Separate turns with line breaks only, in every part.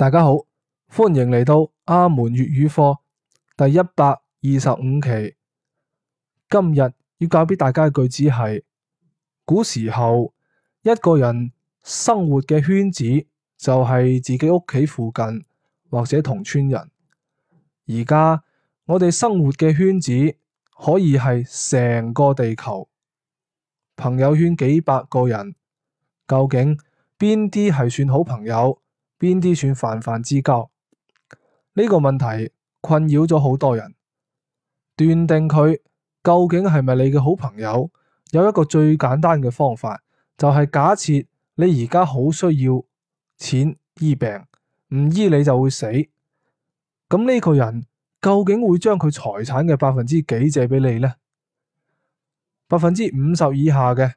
大家好，歡迎嚟到阿門粵語課第一百二十五期。今日要教俾大家嘅句子係：古時候，一個人生活嘅圈子就係自己屋企附近，或者同村人。而家我哋生活嘅圈子可以係成個地球，朋友圈幾百個人，究竟邊啲係算好朋友？邊啲算泛泛之交？呢個問題困擾咗好多人。斷定佢究竟係咪你嘅好朋友，有一個最簡單嘅方法，就係假設你而家好需要錢醫病，唔醫你就會死。咁呢個人究竟會將佢財產嘅百分之幾借俾你呢？百分之五十以下嘅，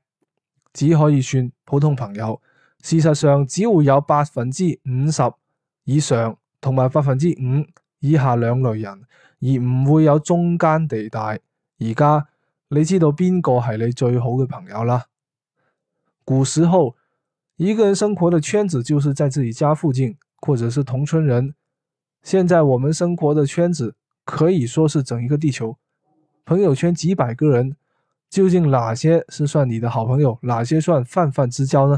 只可以算普通朋友。事實上，只會有百分之五十以上同埋百分之五以下兩類人，而唔會有中間地帶。而家你知道邊個係你最好嘅朋友啦。古時候，一個人生活的圈子就是在自己家附近，或者是同村人。現在我們生活的圈子可以說是整一個地球，朋友圈幾百個人，究竟哪些是算你的好朋友，哪些算泛泛之交呢？